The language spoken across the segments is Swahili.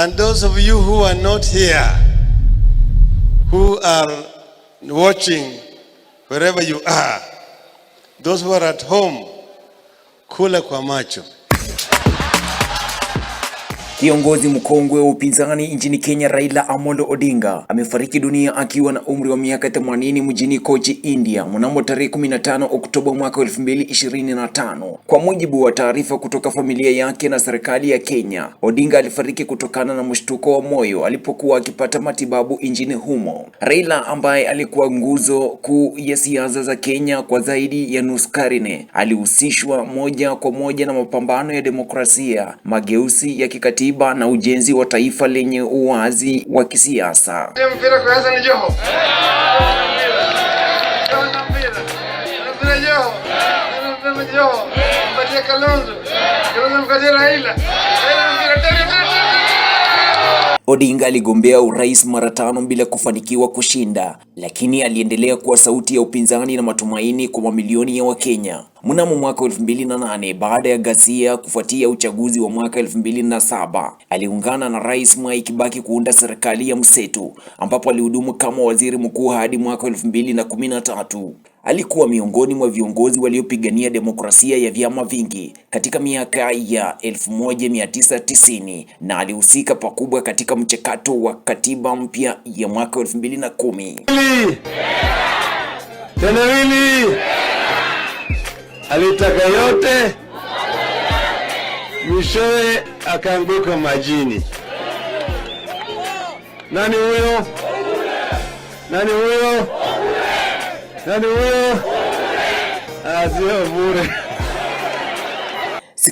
And those of you who are not here, who are watching wherever you are, those who are at home, kula kwa macho. Kiongozi mkongwe wa upinzani nchini Kenya Raila Amolo Odinga amefariki dunia akiwa na umri wa miaka 80 mjini Kochi, India mnamo tarehe 15 Oktoba mwaka 2025. Kwa mujibu wa taarifa kutoka familia yake na serikali ya Kenya, Odinga alifariki kutokana na mshtuko wa moyo alipokuwa akipata matibabu nchini humo. Raila ambaye alikuwa nguzo kuu ya siasa za Kenya kwa zaidi ya nusu karne, alihusishwa moja kwa moja na mapambano ya demokrasia, mageuzi ya kikatiba katiba na ujenzi wa taifa lenye uwazi wa kisiasa. Odinga aligombea urais mara tano bila kufanikiwa kushinda, lakini aliendelea kuwa sauti ya upinzani na matumaini kwa mamilioni ya Wakenya. Mnamo mwaka 2008 baada ya ghasia kufuatia uchaguzi wa mwaka 2007, aliungana na Rais Mwai Kibaki kuunda serikali ya mseto ambapo alihudumu kama waziri mkuu hadi mwaka 2013. Alikuwa miongoni mwa viongozi waliopigania demokrasia ya vyama vingi katika miaka ya 1990 na alihusika pakubwa katika mchakato wa katiba mpya ya mwaka 2010 alitaka yote mwishowe akaanguka majini. Nani huyo? Nani huyo? Nani huyo? Azio bure.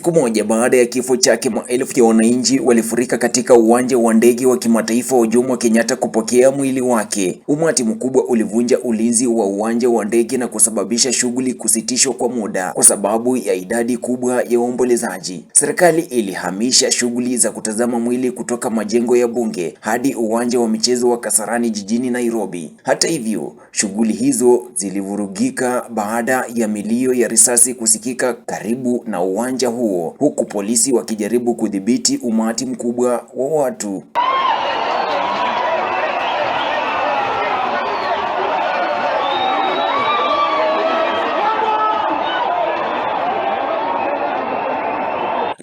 Siku moja baada ya kifo chake, maelfu ya wananchi walifurika katika uwanja wa ndege wa kimataifa wa Jomo Kenyatta kupokea mwili wake. Umati mkubwa ulivunja ulinzi wa uwanja wa ndege na kusababisha shughuli kusitishwa kwa muda kwa sababu ya idadi kubwa ya waombolezaji. Serikali ilihamisha shughuli za kutazama mwili kutoka majengo ya bunge hadi uwanja wa michezo wa Kasarani jijini Nairobi. Hata hivyo, shughuli hizo zilivurugika baada ya milio ya risasi kusikika karibu na uwanja huo huo, huku polisi wakijaribu kudhibiti umati mkubwa wa watu.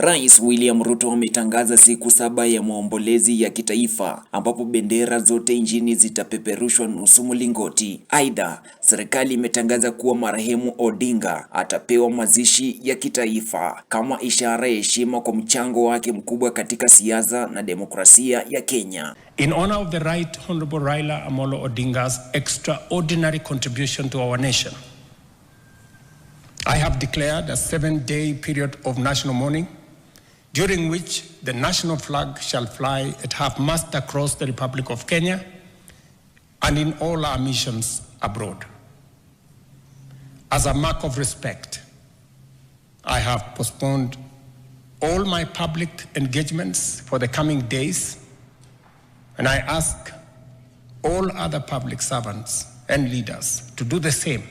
Rais William Ruto ametangaza siku saba ya maombolezi ya kitaifa ambapo bendera zote nchini zitapeperushwa nusu mlingoti. Aidha, serikali imetangaza kuwa marehemu Odinga atapewa mazishi ya kitaifa kama ishara ya heshima kwa mchango wake mkubwa katika siasa na demokrasia ya Kenya. In honor of the right honorable Raila Amolo Odinga's extraordinary contribution to our nation. I have declared a seven-day period of national mourning during which the national flag shall fly at half-mast across the Republic of Kenya and in all our missions abroad. As a mark of respect, I have postponed all my public engagements for the coming days, and I ask all other public servants and leaders to do the same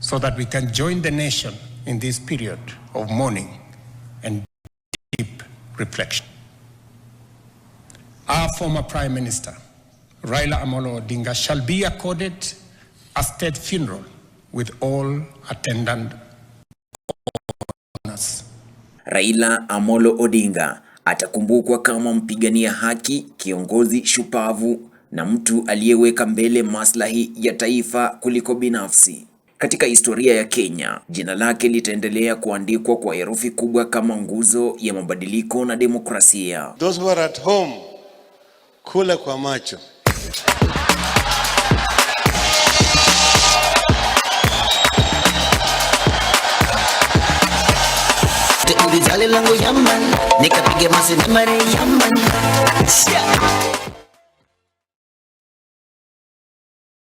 so that we can join the nation in this period of mourning and deep reflection. Our former Prime Minister, Raila Amolo Odinga, shall be accorded a state funeral with all attendant honors. Raila Amolo Odinga atakumbukwa kama mpigania haki, kiongozi shupavu na mtu aliyeweka mbele maslahi ya taifa kuliko binafsi katika historia ya Kenya. Jina lake litaendelea kuandikwa kwa herufi kubwa kama nguzo ya mabadiliko na demokrasia. Those who are at home, kula kwa macho. Yaman, Yaman. masi